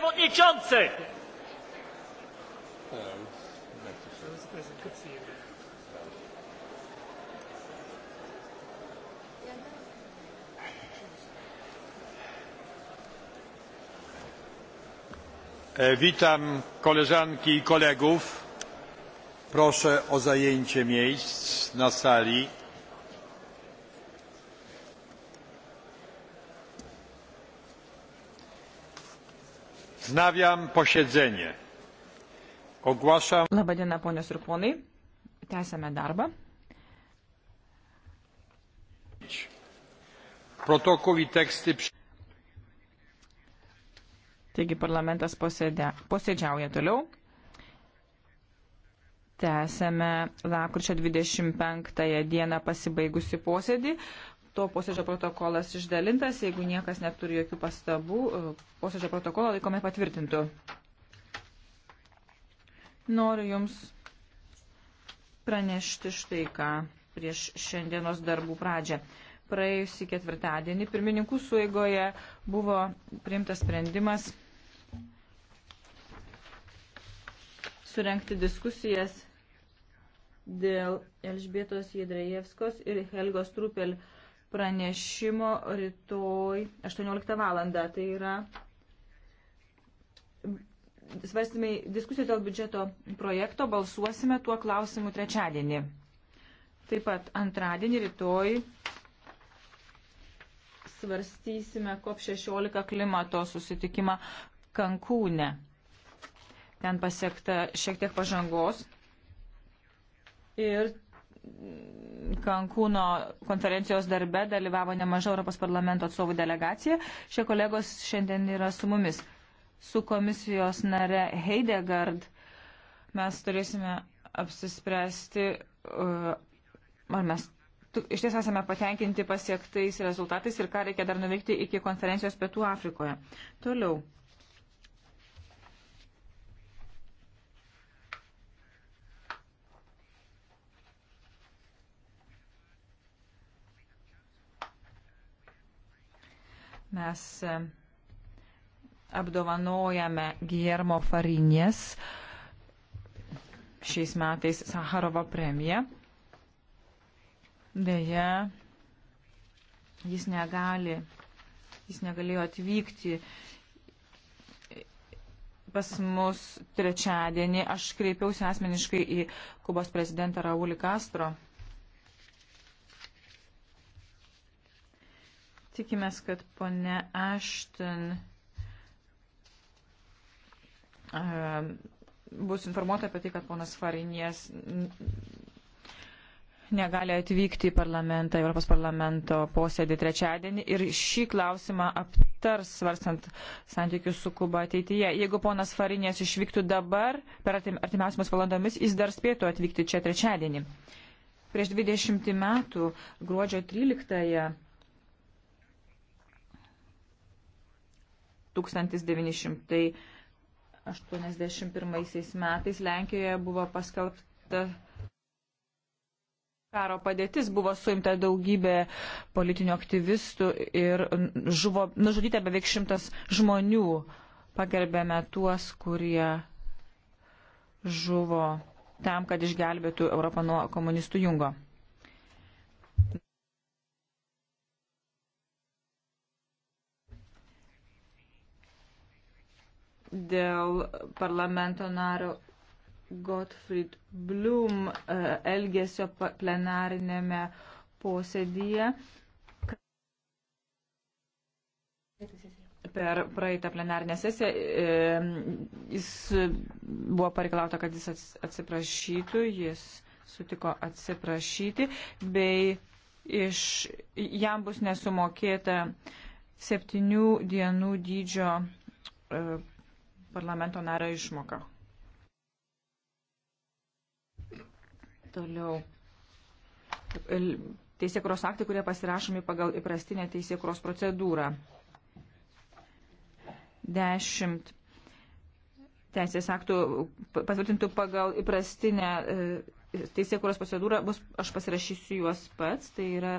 przewodniczący! E, witam koleżanki i kolegów. Proszę o zajęcie miejsc na sali. Znaviam posėdzenį. Ogłaszam. Labadiena, ponios ir ponai. Tęsame darbą. Protokolį tekstai. Taigi parlamentas posėdė, posėdžiauja toliau. Tęsėme lakrčio 25 dieną pasibaigusi posėdį to posėdžio protokolas išdalintas. Jeigu niekas neturi jokių pastabų, posėdžio protokolą laikome patvirtintų. Noriu Jums pranešti štai ką prieš šiandienos darbų pradžią. Praėjusį ketvirtadienį pirmininkų suėgoje buvo priimtas sprendimas surenkti diskusijas dėl Elžbietos Jedrajevskos ir Helgos Trupel pranešimo rytoj 18 valandą. Tai yra svarstymai diskusijų dėl biudžeto projekto, balsuosime tuo klausimu trečiadienį. Taip pat antradienį rytoj svarstysime COP16 klimato susitikimą Kankūne. Ten pasiekta šiek tiek pažangos. Ir Kankūno konferencijos darbe dalyvavo nemaža Europos parlamento atstovų delegacija. Šie kolegos šiandien yra su mumis. Su komisijos nare Heidegard mes turėsime apsispręsti, uh, ar mes iš ties esame patenkinti pasiektais rezultatais ir ką reikia dar nuveikti iki konferencijos Pietų Afrikoje. Toliau. Mes e, apdovanojame Giermo Farinės šiais metais Saharovo premiją. Deja, jis negali, jis negalėjo atvykti pas mus trečiadienį. Aš kreipiausi asmeniškai į Kubos prezidentą Raulį Castro. Tikimės, kad pone Ashton bus informuota apie tai, kad ponas Farinės negali atvykti į parlamentą, Europos parlamento posėdį trečiadienį ir šį klausimą aptars svarstant santykius su Kuba ateityje. Jeigu ponas Farinės išvyktų dabar, per artimiausiamis valandomis, jis dar spėtų atvykti čia trečiadienį. Prieš 20 metų, gruodžio 13-ąją, 1981 metais Lenkijoje buvo paskelbta karo padėtis, buvo suimta daugybė politinių aktyvistų ir žuvo, nužudyta beveik šimtas žmonių. Pagerbėme tuos, kurie žuvo tam, kad išgelbėtų Europą nuo komunistų jungo. dėl parlamento nario Gottfried Blum e, elgesio plenarinėme posėdyje. Per praeitą plenarinę sesiją e, jis buvo pareikalauta, kad jis atsiprašytų, jis sutiko atsiprašyti, bei iš, jam bus nesumokėta septynių dienų dydžio e, parlamento nario išmoką. Toliau. Teisėkros aktai, kurie pasirašomi pagal įprastinę teisėkros procedūrą. 10 teisės aktų patvirtintų pagal įprastinę e, teisėkuros procedūrą, bus, aš pasirašysiu juos pats, tai yra